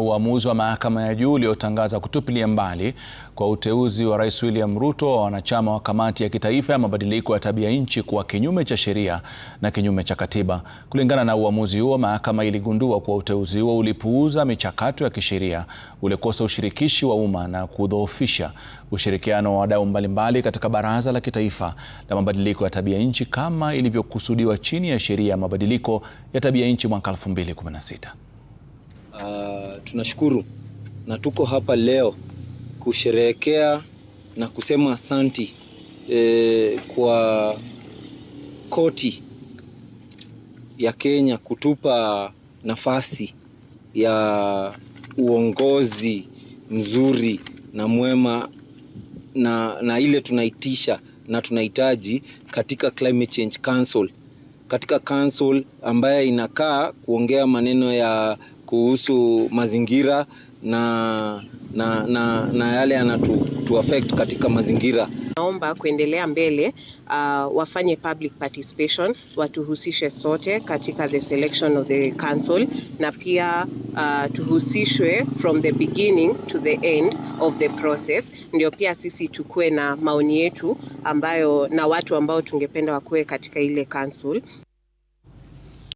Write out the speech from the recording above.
Uamuzi wa mahakama ya juu uliotangaza kutupilia mbali kwa uteuzi wa Rais William Ruto wa wanachama wa kamati ya kitaifa ya mabadiliko ya tabia nchi kuwa kinyume cha sheria na kinyume cha katiba. Kulingana na uamuzi huo, mahakama iligundua kuwa uteuzi huo ulipuuza michakato ya kisheria, ulikosa ushirikishi wa umma na kudhoofisha ushirikiano wa wadau mbalimbali katika Baraza la Kitaifa la Mabadiliko ya Tabia Nchi kama ilivyokusudiwa chini ya Sheria ya Mabadiliko ya Tabia Nchi mwaka 2016. Ah, tunashukuru na tuko hapa leo kusherehekea na kusema asanti e, kwa koti ya Kenya kutupa nafasi ya uongozi mzuri na mwema na, na ile tunaitisha na tunahitaji katika Climate Change Council, katika council ambayo inakaa kuongea maneno ya kuhusu mazingira na, na, na, na yale yanatu affect katika mazingira. Naomba kuendelea mbele, uh, wafanye public participation, watuhusishe sote katika the selection of the council na pia uh, tuhusishwe from the beginning to the end of the process, ndio pia sisi tukuwe na maoni yetu ambayo na watu ambao tungependa wakuwe katika ile council.